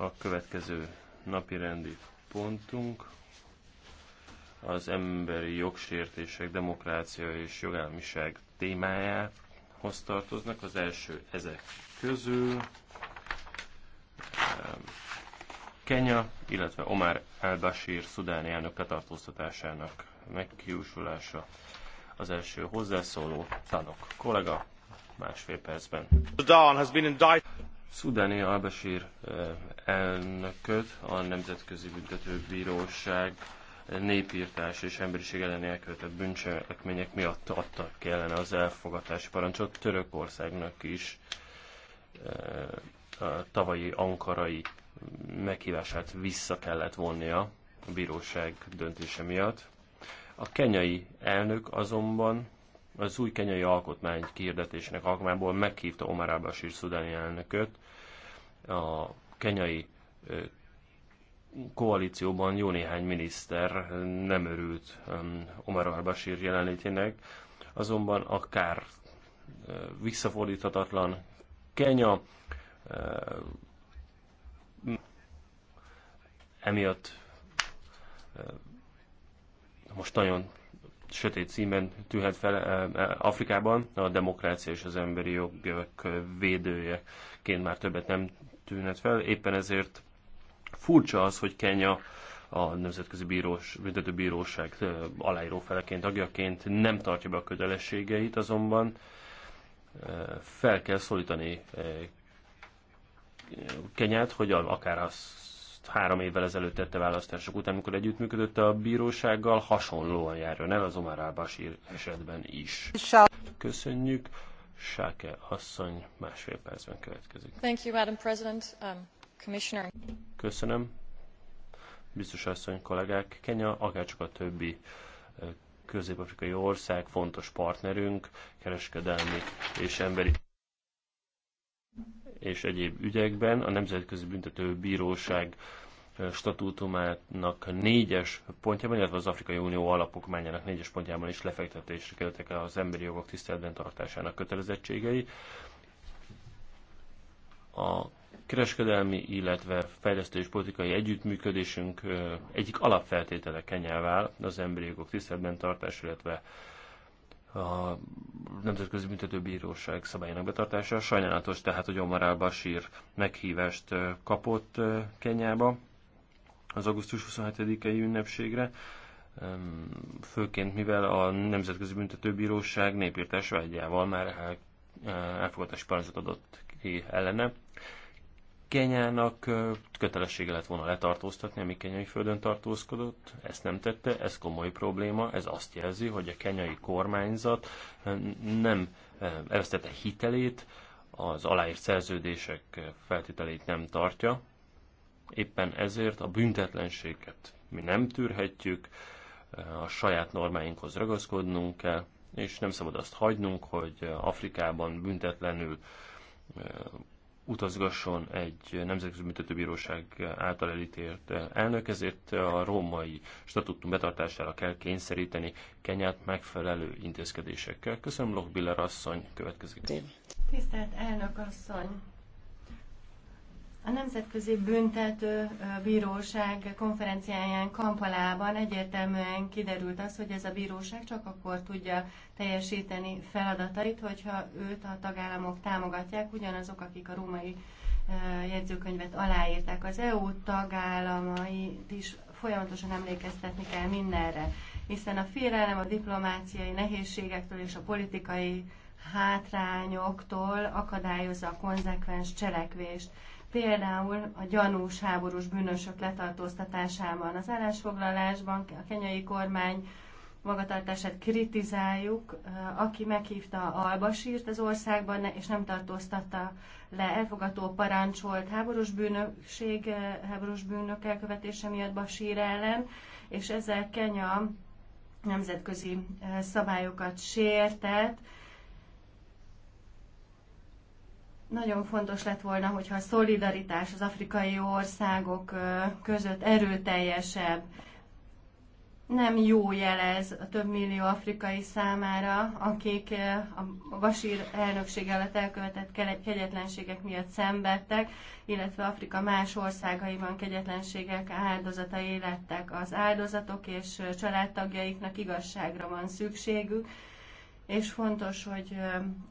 A következő napi rendi pontunk az emberi jogsértések, demokrácia és jogállamiság témájához tartoznak. Az első ezek közül ehm, Kenya, illetve Omar al-Bashir szudáni elnök letartóztatásának megkiúsulása. Az első hozzászóló tanok kollega másfél percben. Sudan has been indicted. Szudáni Albasír eh, elnököt a Nemzetközi Büntetőbíróság eh, népírtás és emberiség elleni elkövetett bűncselekmények miatt adta kellene az elfogatási parancsot Törökországnak is eh, a tavalyi ankarai meghívását vissza kellett vonnia a bíróság döntése miatt. A kenyai elnök azonban az új kenyai alkotmány kérdetésnek alkalmából meghívta Omar al szudáni elnököt a kenyai koalícióban jó néhány miniszter nem örült Omar al jelenlétének, azonban a kár visszafordíthatatlan. Kenya emiatt most nagyon sötét címen tűhet fel e, e, Afrikában, a demokrácia és az emberi jogok védőjeként már többet nem tűnhet fel. Éppen ezért furcsa az, hogy Kenya a Nemzetközi Bírós, bíróság e, aláíró feleként, tagjaként nem tartja be a kötelességeit, azonban fel kell szólítani Kenyát, hogy akár az három évvel ezelőtt tette választások után, amikor együttműködött a bírósággal, hasonlóan járjon nem az Omar al esetben is. Köszönjük. Sáke asszony másfél percben következik. Thank you, Madam President. Um, Commissioner. Köszönöm. Biztos asszony kollégák, Kenya, akárcsak a többi közép-afrikai ország fontos partnerünk, kereskedelmi és emberi és egyéb ügyekben a Nemzetközi Büntető Bíróság statútumának négyes pontjában, illetve az Afrikai Unió alapokmányának négyes pontjában is lefektetésre kerültek az emberi jogok tiszteletben tartásának kötelezettségei. A kereskedelmi, illetve fejlesztés politikai együttműködésünk egyik alapfeltétele kenyelvál az emberi jogok tiszteletben tartás, illetve a Nemzetközi Büntetőbíróság szabályának betartása. Sajnálatos tehát, hogy Omar al-Bashir meghívást kapott Kenyába az augusztus 27-i ünnepségre, főként mivel a Nemzetközi Büntetőbíróság népírtás vágyával már elfogadási parancsot adott ki ellene. Kenyának kötelessége lett volna letartóztatni, ami kenyai földön tartózkodott, ezt nem tette, ez komoly probléma, ez azt jelzi, hogy a kenyai kormányzat nem elvesztette hitelét, az aláírt szerződések feltételeit nem tartja, éppen ezért a büntetlenséget mi nem tűrhetjük, a saját normáinkhoz ragaszkodnunk kell, és nem szabad azt hagynunk, hogy Afrikában büntetlenül utazgasson egy nemzetközi büntetőbíróság által elítélt elnök, ezért a római statutum betartására kell kényszeríteni Kenyát megfelelő intézkedésekkel. Köszönöm, Biller asszony, következik. Tisztelt elnök asszony, a Nemzetközi Büntető Bíróság konferenciáján Kampalában egyértelműen kiderült az, hogy ez a bíróság csak akkor tudja teljesíteni feladatait, hogyha őt a tagállamok támogatják, ugyanazok, akik a római jegyzőkönyvet aláírták. Az EU tagállamait is folyamatosan emlékeztetni kell mindenre, hiszen a félelem a diplomáciai nehézségektől és a politikai hátrányoktól akadályozza a konzekvens cselekvést például a gyanús háborús bűnösök letartóztatásában. Az állásfoglalásban a kenyai kormány magatartását kritizáljuk, aki meghívta Albasírt az országban, és nem tartóztatta le elfogató parancsolt háborús bűnökség, háborús bűnök elkövetése miatt Basír ellen, és ezzel Kenya nemzetközi szabályokat sértett, Nagyon fontos lett volna, hogyha a szolidaritás az afrikai országok között erőteljesebb, nem jó jelez a több millió afrikai számára, akik a Basír elnökség alatt elkövetett kegyetlenségek miatt szenvedtek, illetve Afrika más országaiban kegyetlenségek áldozatai lettek. Az áldozatok és családtagjaiknak igazságra van szükségük, és fontos, hogy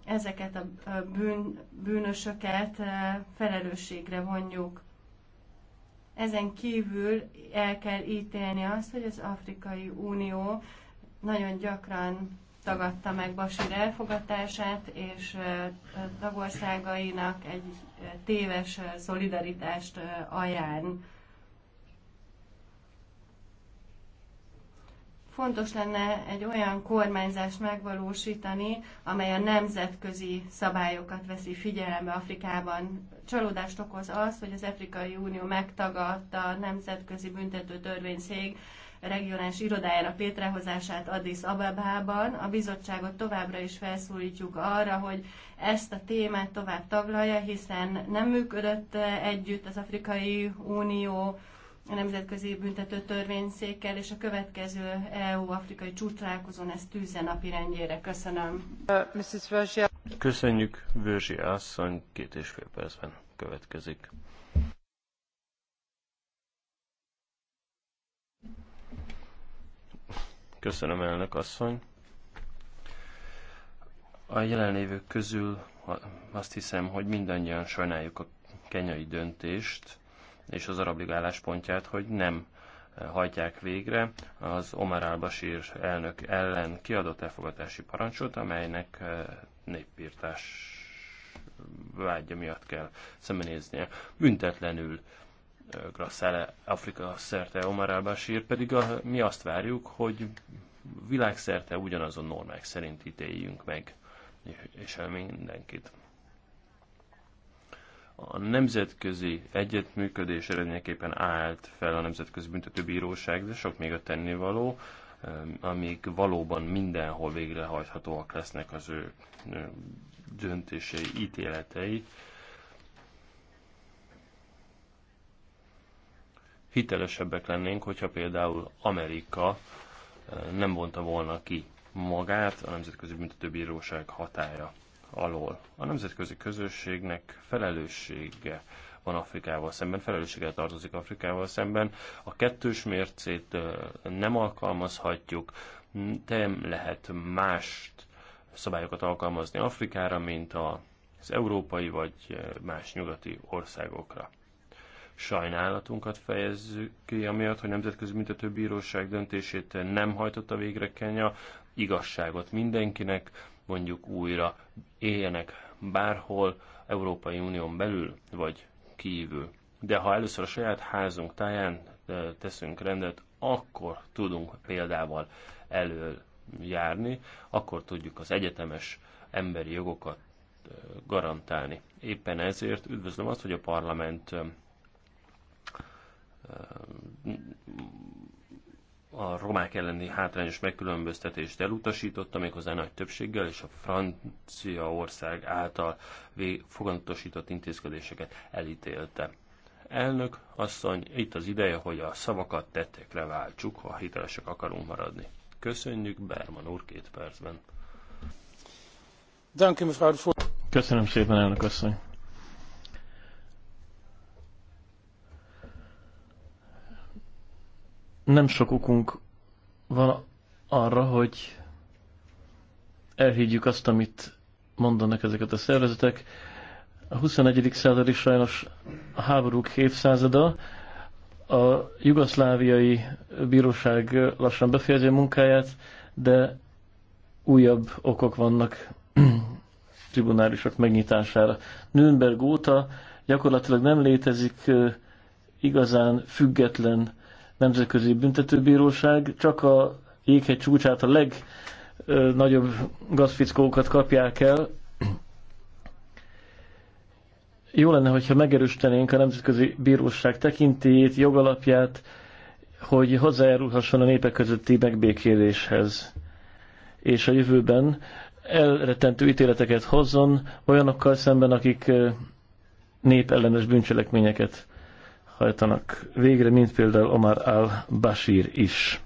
ezeket a bűn, bűnösöket felelősségre vonjuk. Ezen kívül el kell ítélni azt, hogy az Afrikai Unió nagyon gyakran tagadta meg Basir elfogatását, és tagországainak egy téves szolidaritást ajánl. fontos lenne egy olyan kormányzást megvalósítani, amely a nemzetközi szabályokat veszi figyelembe Afrikában. Csalódást okoz az, hogy az Afrikai Unió megtagadta a Nemzetközi Büntető Törvényszék regionális irodájának létrehozását Addis Abebában. A bizottságot továbbra is felszólítjuk arra, hogy ezt a témát tovább taglalja, hiszen nem működött eh, együtt az Afrikai Unió a Nemzetközi Büntető Törvényszékkel, és a következő EU-afrikai csúcsrálkozón ezt tűzze napirendjére. Köszönöm. Uh, Köszönjük, Vörzsi asszony, két és fél percben következik. Köszönöm, elnök asszony. A jelenlévők közül azt hiszem, hogy mindannyian sajnáljuk a kenyai döntést, és az arablig álláspontját, hogy nem eh, hajtják végre az Omar al-Bashir elnök ellen kiadott elfogadási parancsot, amelynek eh, népírtás vágya miatt kell szembenéznie. Büntetlenül eh, Grasszele Afrika szerte Omar al-Bashir, pedig a, mi azt várjuk, hogy világszerte ugyanazon normák szerint ítéljünk meg, és el mindenkit a nemzetközi egyetműködés eredményeképpen állt fel a Nemzetközi Büntetőbíróság, de sok még a tennivaló, ehm, amíg valóban mindenhol végrehajthatóak lesznek az ő döntései, ítéletei. Hitelesebbek lennénk, hogyha például Amerika ehm, nem vonta volna ki magát a Nemzetközi Büntetőbíróság hatája alól. A nemzetközi közösségnek felelőssége van Afrikával szemben, felelősséggel tartozik Afrikával szemben. A kettős mércét nem alkalmazhatjuk, nem lehet más szabályokat alkalmazni Afrikára, mint az európai vagy más nyugati országokra. Sajnálatunkat fejezzük ki, amiatt, hogy Nemzetközi Büntetőbíróság döntését nem hajtotta végre Kenya, igazságot mindenkinek, mondjuk újra éljenek bárhol Európai Unión belül vagy kívül. De ha először a saját házunk táján teszünk rendet, akkor tudunk példával elől járni, akkor tudjuk az egyetemes emberi jogokat garantálni. Éppen ezért üdvözlöm azt, hogy a parlament a romák elleni hátrányos megkülönböztetést elutasította, méghozzá nagy többséggel, és a Franciaország által foganatosított intézkedéseket elítélte. Elnök asszony, itt az ideje, hogy a szavakat tettekre váltsuk, ha hitelesek akarunk maradni. Köszönjük, Berman úr, két percben. Köszönöm szépen, elnök asszony. nem sok okunk van arra, hogy elhiggyük azt, amit mondanak ezeket a szervezetek. A 21. század is sajnos a háborúk évszázada, a jugoszláviai bíróság lassan befejezi a munkáját, de újabb okok vannak tribunálisok megnyitására. Nürnberg óta gyakorlatilag nem létezik igazán független Nemzetközi Büntetőbíróság, csak a jéghegy csúcsát a legnagyobb gazfickókat kapják el. Jó lenne, hogyha megerősítenénk a Nemzetközi Bíróság tekintélyét, jogalapját, hogy hozzájárulhasson a népek közötti megbékéléshez. És a jövőben elrettentő ítéleteket hozzon olyanokkal szemben, akik népellenes bűncselekményeket hajtanak végre, mint például Omar al-Bashir is.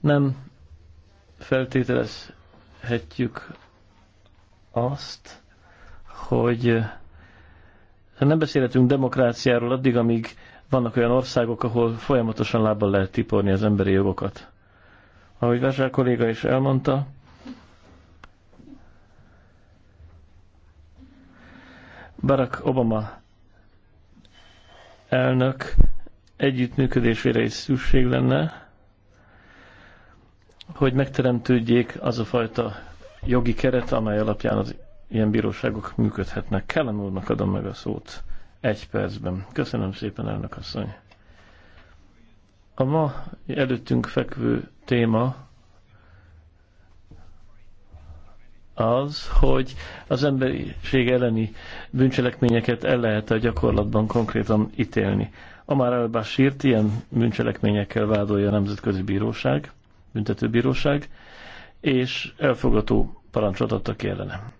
Nem feltételezhetjük azt, hogy nem beszélhetünk demokráciáról addig, amíg vannak olyan országok, ahol folyamatosan lábbal lehet tiporni az emberi jogokat. Ahogy Vázsár kolléga is elmondta, Barack Obama elnök együttműködésére is szükség lenne, hogy megteremtődjék az a fajta jogi keret, amely alapján az ilyen bíróságok működhetnek. Kellen úrnak adom meg a szót egy percben. Köszönöm szépen, elnök asszony. A ma előttünk fekvő téma az, hogy az emberiség elleni bűncselekményeket el lehet a gyakorlatban konkrétan ítélni. Amár al sírt, ilyen bűncselekményekkel vádolja a Nemzetközi Bíróság, Büntetőbíróság, és elfogató parancsot adtak ellene.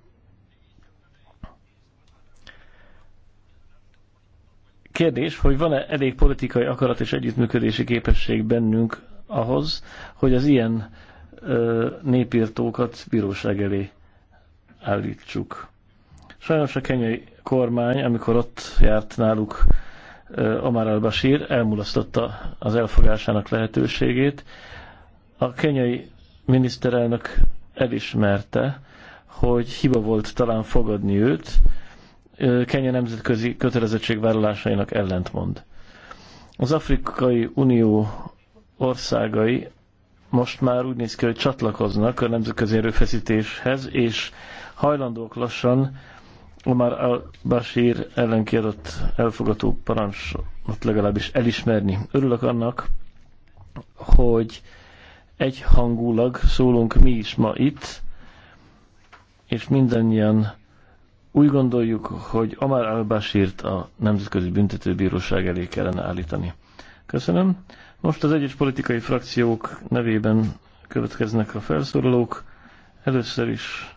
Kérdés, hogy van-e elég politikai akarat és együttműködési képesség bennünk ahhoz, hogy az ilyen ö, népírtókat bíróság elé állítsuk. Sajnos a kenyai kormány, amikor ott járt náluk Omar al-Bashir, elmulasztotta az elfogásának lehetőségét. A kenyai miniszterelnök elismerte, hogy hiba volt talán fogadni őt, Kenya nemzetközi kötelezettségvállalásainak ellentmond. Az Afrikai Unió országai most már úgy néz ki, hogy csatlakoznak a nemzetközi erőfeszítéshez, és hajlandók lassan Omar al-Bashir ellen kiadott elfogató parancsot legalábbis elismerni. Örülök annak, hogy egyhangulag szólunk mi is ma itt, és mindannyian úgy gondoljuk, hogy Omar al-Bashirt a Nemzetközi Büntetőbíróság elé kellene állítani. Köszönöm. Most az egyes politikai frakciók nevében következnek a felszólalók. Először is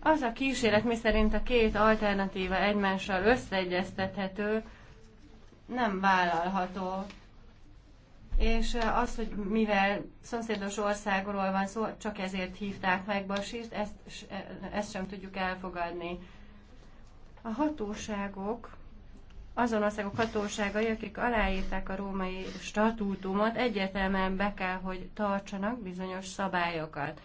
Az a kísérlet, miszerint a két alternatíva egymással összeegyeztethető, nem vállalható. És az, hogy mivel szomszédos országról van szó, csak ezért hívták meg Basist, ezt, ezt sem tudjuk elfogadni. A hatóságok azon országok hatóságai, akik aláírták a római statútumot, egyértelműen be kell, hogy tartsanak bizonyos szabályokat.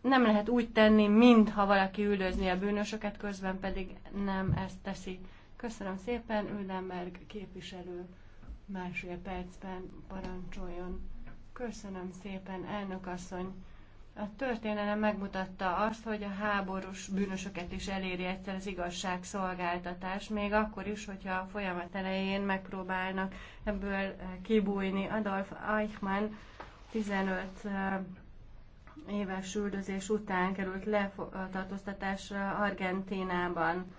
Nem lehet úgy tenni, mintha valaki üldözni a bűnösöket, közben pedig nem ezt teszi. Köszönöm szépen, Üldenberg képviselő másfél percben parancsoljon. Köszönöm szépen, elnök asszony. A történelem megmutatta azt, hogy a háborús bűnösöket is eléri egyszer az igazságszolgáltatás, még akkor is, hogyha a folyamat elején megpróbálnak ebből kibújni. Adolf Eichmann 15 éves üldözés után került letartóztatásra Argentínában.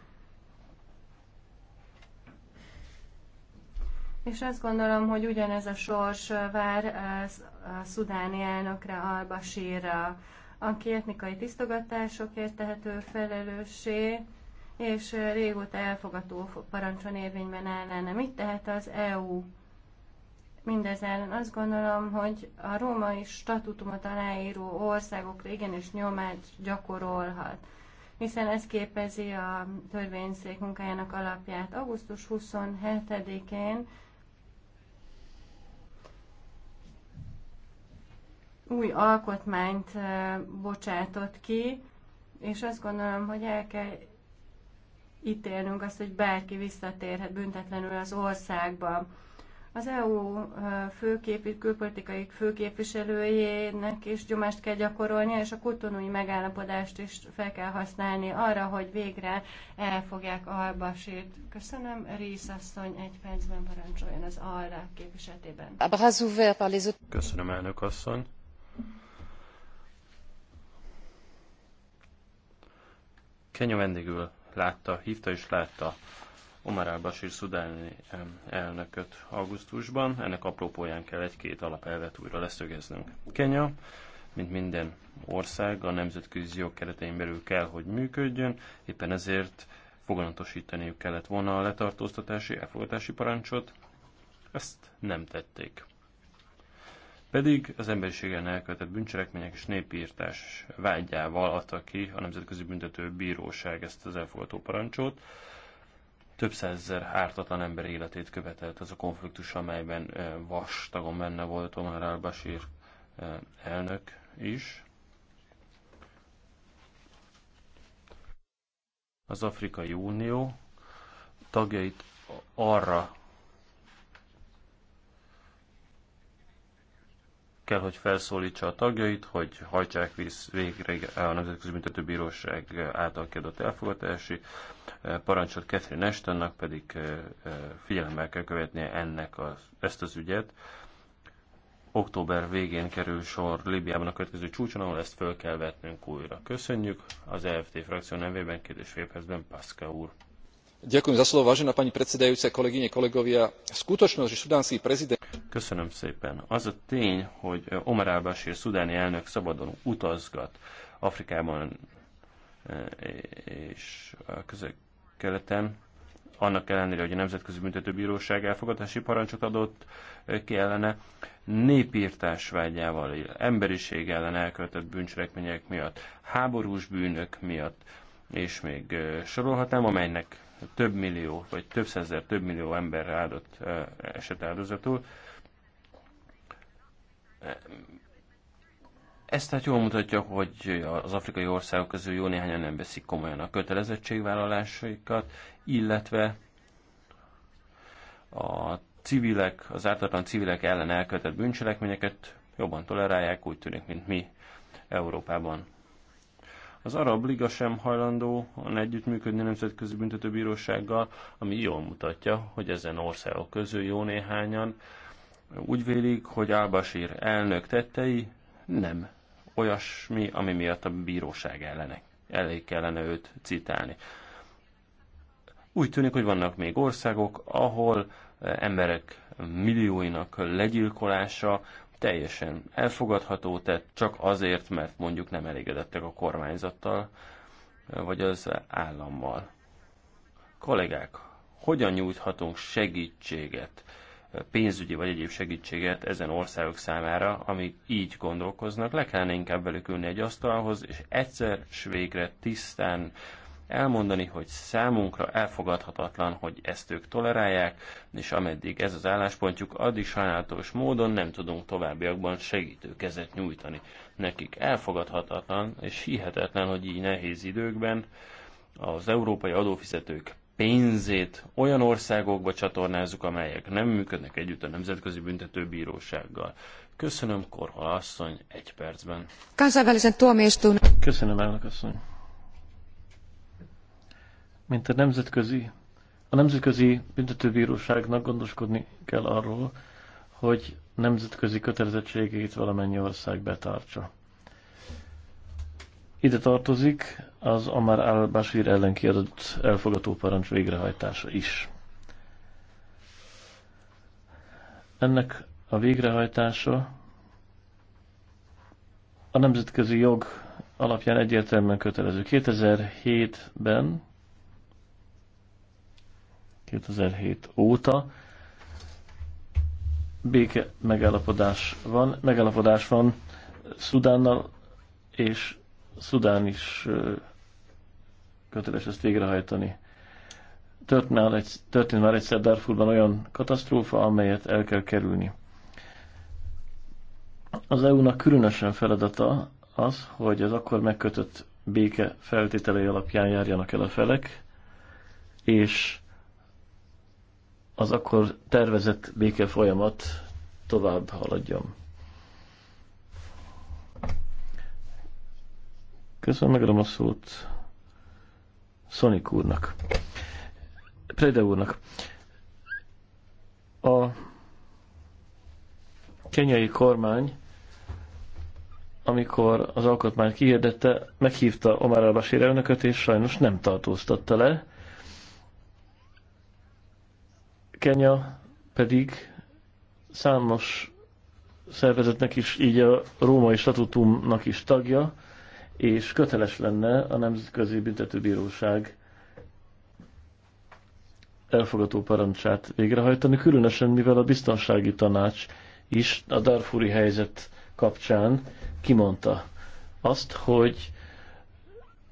És azt gondolom, hogy ugyanez a sors vár a szudáni elnökre, Al-Bashirra, aki etnikai tisztogatásokért tehető felelőssé, és régóta elfogadó parancson érvényben állna. Mit tehet az EU? Mindez ellen azt gondolom, hogy a római statutumot aláíró régen is nyomát gyakorolhat hiszen ez képezi a törvényszék munkájának alapját. Augusztus 27-én új alkotmányt bocsátott ki, és azt gondolom, hogy el kell ítélnünk azt, hogy bárki visszatérhet büntetlenül az országba. Az EU főképi, külpolitikai főképviselőjének is gyomást kell gyakorolnia, és a kutonúi megállapodást is fel kell használni arra, hogy végre elfogják Albasét. Köszönöm, Rész asszony egy percben parancsoljon az ALRA képviseletében. Köszönöm, elnök asszony. Kenya vendégül látta, hívta és látta Omar al-Bashir szudáni elnököt augusztusban. Ennek aprópóján kell egy-két alapelvet újra leszögeznünk. Kenya, mint minden ország, a nemzetközi jog keretein belül kell, hogy működjön, éppen ezért foganatosítaniuk kellett volna a letartóztatási elfogadási parancsot, ezt nem tették pedig az emberiségen elkövetett bűncselekmények és népírtás vágyával adta ki a Nemzetközi Büntető Bíróság ezt az elfogadó parancsot. Több százezer ártatlan ember életét követelt ez a konfliktus, amelyben eh, vastagon benne volt Omar al eh, elnök is. Az Afrikai Unió tagjait arra kell, hogy felszólítsa a tagjait, hogy hajtsák visz végre a Nemzetközi Büntetőbíróság által kiadott elfogadási eh, parancsot Catherine Ashtonnak, pedig eh, eh, figyelemmel kell követnie ennek a, ezt az ügyet. Október végén kerül sor Libiában a következő csúcson, ahol ezt föl kell vetnünk újra. Köszönjük az EFT frakció nevében, kérdés Pászka úr skutočnosť že prezident. köszönöm szépen az a tény hogy omar al bashir szudáni elnök szabadon utazgat afrikában e, és a közel keleten annak ellenére, hogy a Nemzetközi Büntetőbíróság elfogadási parancsot adott e, ki ellene, népírtás vágyával, emberiség ellen elkövetett bűncselekmények miatt, háborús bűnök miatt, és még e, sorolhatnám, amelynek több millió, vagy több százezer, több millió ember áldott eset áldozatul. Ez tehát jól mutatja, hogy az afrikai országok közül jó néhányan nem veszik komolyan a kötelezettségvállalásaikat, illetve a civilek, az ártatlan civilek ellen elkövetett bűncselekményeket jobban tolerálják, úgy tűnik, mint mi Európában. Az Arab Liga sem hajlandó együttműködni a Nemzetközi Büntetőbírósággal, ami jól mutatja, hogy ezen országok közül jó néhányan úgy vélik, hogy Al-Bashir elnök tettei nem olyasmi, ami miatt a bíróság ellene, elé kellene őt citálni. Úgy tűnik, hogy vannak még országok, ahol emberek millióinak legyilkolása teljesen elfogadható tett, csak azért, mert mondjuk nem elégedettek a kormányzattal, vagy az állammal. Kollégák, hogyan nyújthatunk segítséget, pénzügyi vagy egyéb segítséget ezen országok számára, amik így gondolkoznak, le kellene inkább velük ülni egy asztalhoz, és egyszer s végre tisztán elmondani, hogy számunkra elfogadhatatlan, hogy ezt ők tolerálják, és ameddig ez az álláspontjuk, addig sajnálatos módon nem tudunk továbbiakban segítő kezet nyújtani. Nekik elfogadhatatlan és hihetetlen, hogy így nehéz időkben az európai adófizetők pénzét olyan országokba csatornázzuk, amelyek nem működnek együtt a Nemzetközi Büntetőbírósággal. Köszönöm, Korhal asszony, egy percben. Köszönöm, elnök asszony mint a nemzetközi, a nemzetközi büntetőbíróságnak gondoskodni kell arról, hogy nemzetközi kötelezettségét valamennyi ország betartsa. Ide tartozik az Amar al-Bashir ellen kiadott elfogató parancs végrehajtása is. Ennek a végrehajtása a nemzetközi jog alapján egyértelműen kötelező. 2007-ben 2007 óta. Béke megállapodás van, megállapodás van Szudánnal, és Szudán is köteles ezt végrehajtani. Történt már, egyszer Darfurban olyan katasztrófa, amelyet el kell kerülni. Az EU-nak különösen feladata az, hogy az akkor megkötött béke feltételei alapján járjanak el a felek, és az akkor tervezett béke folyamat tovább haladjon. Köszönöm, megadom a szót Szonik úrnak. Prede úrnak. A kenyai kormány, amikor az alkotmányt kihirdette, meghívta Omar al elnököt, és sajnos nem tartóztatta le, Kenya pedig számos szervezetnek is, így a római statutumnak is tagja, és köteles lenne a Nemzetközi Büntetőbíróság elfogató parancsát végrehajtani, különösen mivel a biztonsági tanács is a Darfuri helyzet kapcsán kimondta azt, hogy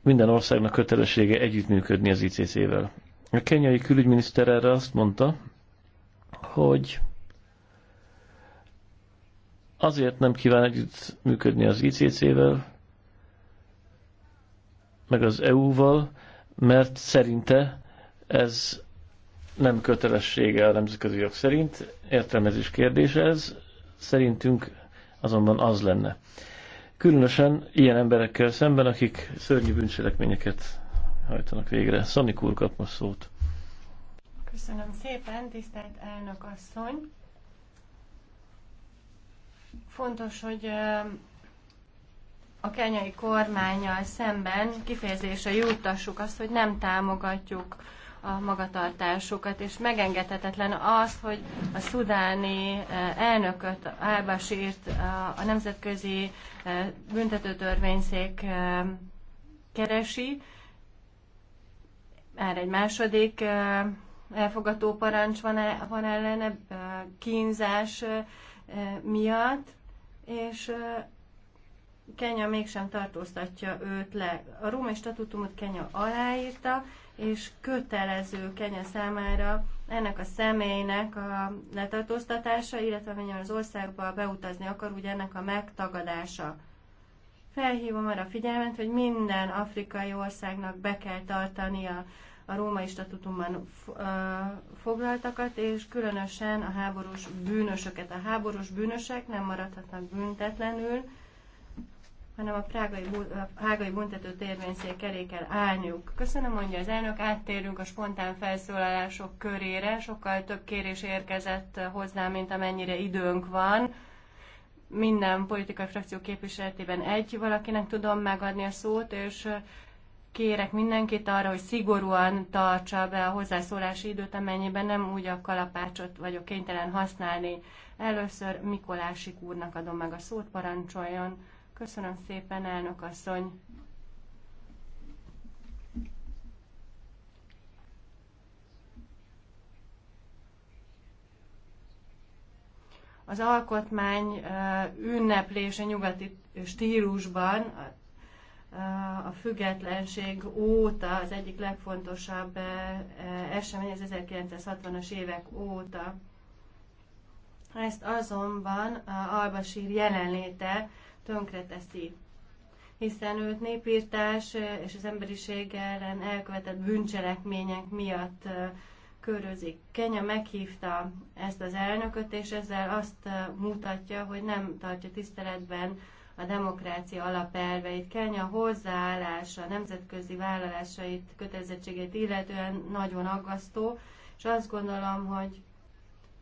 minden országnak kötelessége együttműködni az ICC-vel. A kenyai külügyminiszter erre azt mondta, hogy azért nem kíván együtt működni az ICC-vel, meg az EU-val, mert szerinte ez nem kötelessége a nemzetközi jog szerint, értelmezés kérdése ez, szerintünk azonban az lenne. Különösen ilyen emberekkel szemben, akik szörnyű bűncselekményeket hajtanak végre. Szani Kúr kap most szót. Köszönöm szépen, tisztelt elnök asszony. Fontos, hogy a kenyai kormányjal szemben kifejezésre juttassuk azt, hogy nem támogatjuk a magatartásukat, és megengedhetetlen az, hogy a szudáni elnököt, Álbasírt a Nemzetközi Büntetőtörvényszék keresi, már egy második elfogató parancs van, -e, van ellene kínzás miatt, és Kenya mégsem tartóztatja őt le. A római statutumot Kenya aláírta, és kötelező Kenya számára ennek a személynek a letartóztatása, illetve amennyiben az országba beutazni akar, úgy ennek a megtagadása. Felhívom arra a figyelmet, hogy minden afrikai országnak be kell tartania a római statutumban foglaltakat, és különösen a háborús bűnösöket. A háborús bűnösek nem maradhatnak büntetlenül, hanem a prágai, a prágai büntető törvényszék kerékel kell állniuk. Köszönöm, mondja az elnök, áttérünk a spontán felszólalások körére, sokkal több kérés érkezett hozzá, mint amennyire időnk van. Minden politikai frakció képviseletében egy valakinek tudom megadni a szót, és kérek mindenkit arra, hogy szigorúan tartsa be a hozzászólási időt, amennyiben nem úgy a kalapácsot vagyok kénytelen használni. Először Mikolásik úrnak adom meg a szót, parancsoljon. Köszönöm szépen, elnök asszony. Az alkotmány ünneplése nyugati stílusban a függetlenség óta az egyik legfontosabb eh, esemény az 1960-as évek óta. Ezt azonban eh, Albasír jelenléte tönkreteszi, hiszen őt népírtás eh, és az emberiség ellen elkövetett bűncselekmények miatt körözik. Kenya meghívta ezt az elnököt, és ezzel azt mutatja, hogy nem tartja tiszteletben a demokrácia alapelveit. Kenya hozzáállása, nemzetközi vállalásait, kötelezettségeit illetően nagyon aggasztó, és azt gondolom, hogy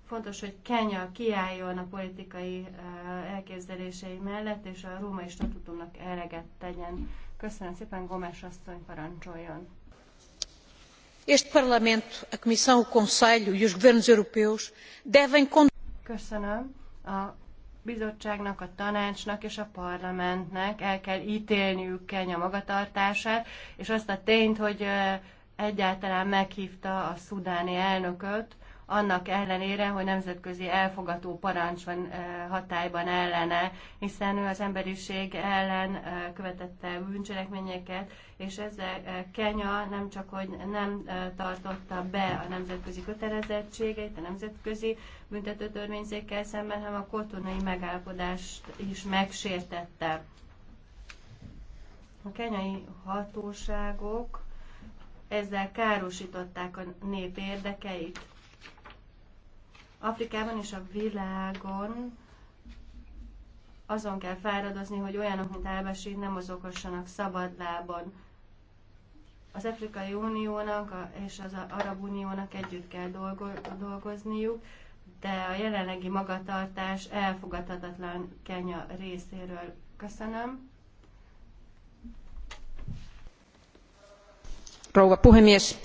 fontos, hogy Kenya kiálljon a politikai eh, elképzelései mellett, és a római statutumnak eleget tegyen. Köszönöm szépen, Gomes asszony parancsoljon. Este Parlamento, a Comissão, o Conselho e os governos europeus devem. Köszönöm. A bizottságnak, a tanácsnak és a parlamentnek el kell ítélniük Kenya magatartását, és azt a tényt, hogy egyáltalán meghívta a szudáni elnököt, annak ellenére, hogy nemzetközi elfogató parancs van eh, hatályban ellene, hiszen ő az emberiség ellen eh, követette bűncselekményeket, és ezzel eh, Kenya nem csak, hogy nem tartotta be a nemzetközi kötelezettségeit, a nemzetközi büntetőtörvényzékkel szemben, hanem a kotonai megállapodást is megsértette. A kenyai hatóságok ezzel károsították a nép érdekeit. Afrikában és a világon azon kell fáradozni, hogy olyanok, mint Elbesít, nem okossanak szabad lábon. Az Afrikai Uniónak és az Arab Uniónak együtt kell dolgozniuk, de a jelenlegi magatartás elfogadhatatlan Kenya részéről. Köszönöm. Rouva puhemies,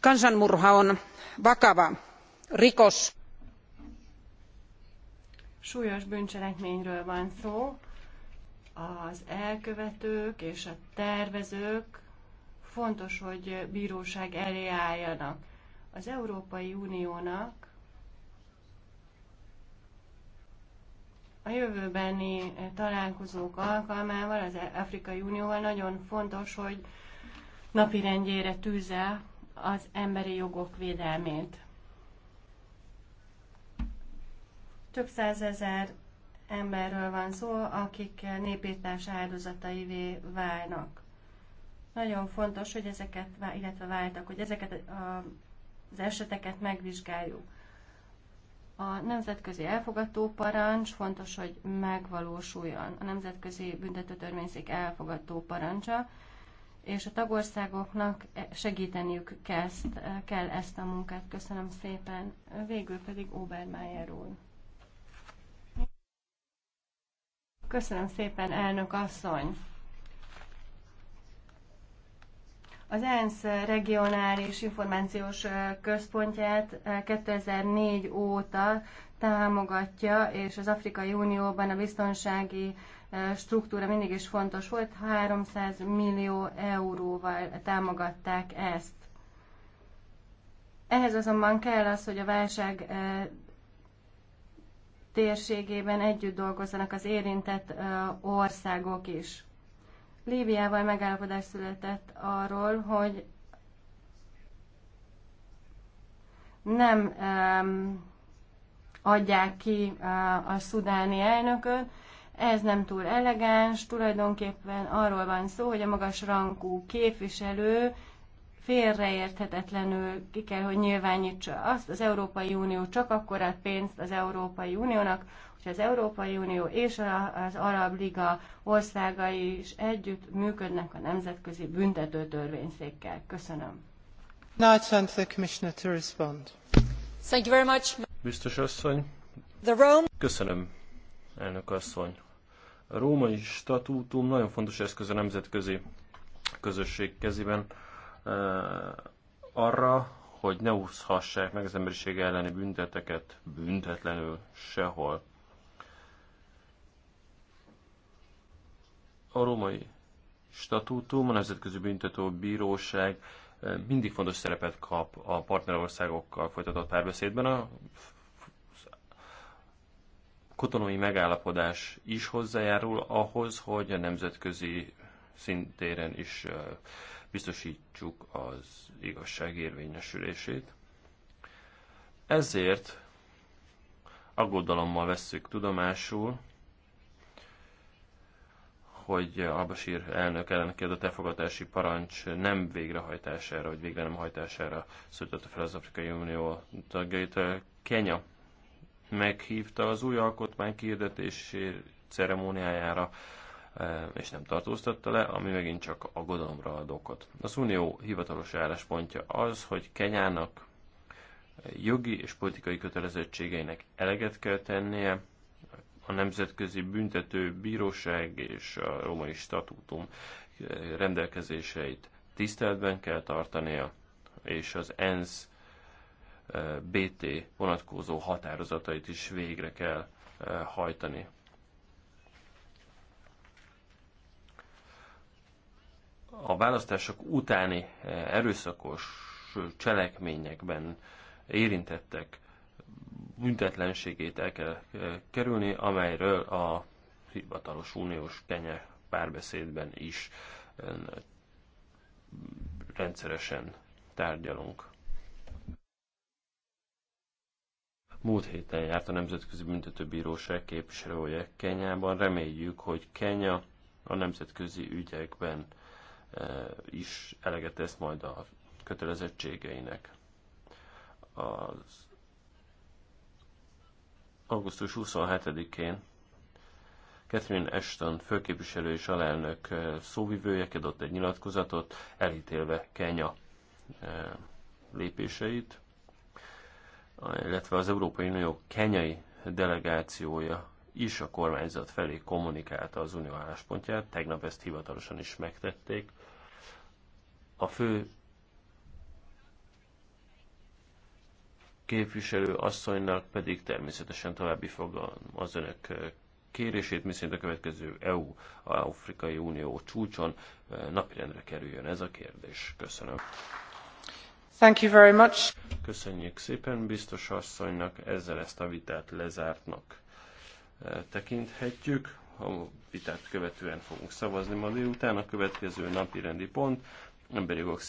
kansanmurha on vakava rikos. Súlyos bűncselekményről van szó. Az elkövetők és a tervezők fontos, hogy bíróság elé álljanak. Az Európai Uniónak a jövőbeni találkozók alkalmával az Afrikai Unióval nagyon fontos, hogy napirendjére tűzze az emberi jogok védelmét. Több százezer emberről van szó, akik népírtás áldozataivé válnak. Nagyon fontos, hogy ezeket, illetve váltak, hogy ezeket az eseteket megvizsgáljuk. A nemzetközi elfogató parancs fontos, hogy megvalósuljon. A nemzetközi büntetőtörvényszék elfogató parancsa, és a tagországoknak e- segíteniük kell ezt, kell ezt a munkát. Köszönöm szépen. Végül pedig Obermeier úr. Köszönöm szépen, elnök asszony! Az ENSZ regionális információs központját 2004 eh, óta támogatja, és az Afrikai Unióban a biztonsági eh, struktúra mindig is fontos volt, 300 millió euróval támogatták ezt. Ehhez azonban kell az, hogy a válság eh, térségében együtt dolgozzanak az érintett országok is. Líbiával megállapodás született arról, hogy nem um, adják ki a szudáni elnököt. Ez nem túl elegáns, tulajdonképpen arról van szó, hogy a magas rangú képviselő félreérthetetlenül ki kell, hogy nyilvánítsa azt, az Európai Unió csak akkor ad pénzt az Európai Uniónak, hogy az Európai Unió és az Arab Liga országai is együtt működnek a Nemzetközi Büntető Törvényszékkel. Köszönöm. Now it's time for the Commissioner to respond. Thank you very much. Biztos asszony. The Rome... Köszönöm, elnök asszony. A római statútum nagyon fontos eszköz a nemzetközi közösség kezében arra, hogy ne úszhassák meg az emberiség elleni bünteteket büntetlenül sehol. A római statútum, a Nemzetközi Büntető Bíróság mindig fontos szerepet kap a partnerországokkal folytatott párbeszédben. A kotonói megállapodás is hozzájárul ahhoz, hogy a nemzetközi szintéren is biztosítsuk az igazság érvényesülését. Ezért aggodalommal vesszük tudomásul, hogy Albasír elnök ellen kiadott elfogadási parancs nem végrehajtására, vagy végre nem hajtására szólította fel az Afrikai Unió tagjait. Kenya meghívta az új alkotmány kiirdetési ceremóniájára E, és nem tartóztatta le, ami megint csak aggodalomra ad okot. Az unió hivatalos álláspontja az, hogy Kenyának jogi és politikai kötelezettségeinek eleget kell tennie, a Nemzetközi Büntető Bíróság és a Római Statútum rendelkezéseit tiszteletben kell tartania, és az ENSZ e, BT vonatkozó határozatait is végre kell e, hajtani. a választások utáni eh, erőszakos cselekményekben érintettek büntetlenségét el kell eh, kerülni, amelyről a hivatalos uniós kenye párbeszédben is eh, rendszeresen tárgyalunk. Múlt héten járt a Nemzetközi Büntetőbíróság képviselője Kenyában. Reméljük, hogy Kenya a nemzetközi ügyekben is eleget tesz majd a kötelezettségeinek. Az augusztus 27-én Catherine Ashton főképviselő és alelnök szóvivője adott egy nyilatkozatot, elítélve Kenya lépéseit, illetve az Európai Unió kenyai delegációja is a kormányzat felé kommunikálta az unió álláspontját, tegnap ezt hivatalosan is megtették. A fő képviselő asszonynak pedig természetesen további fogom az önök eh, kérését, miszerint a következő EU-Afrikai Unió csúcson eh, napirendre kerüljön ez a kérdés. Köszönöm. Thank you very much. Köszönjük szépen biztos asszonynak, ezzel ezt a vitát lezártnak tekinthetjük. A vitát követően fogunk szavazni ma délután. A következő napi rendi pont, emberi jogok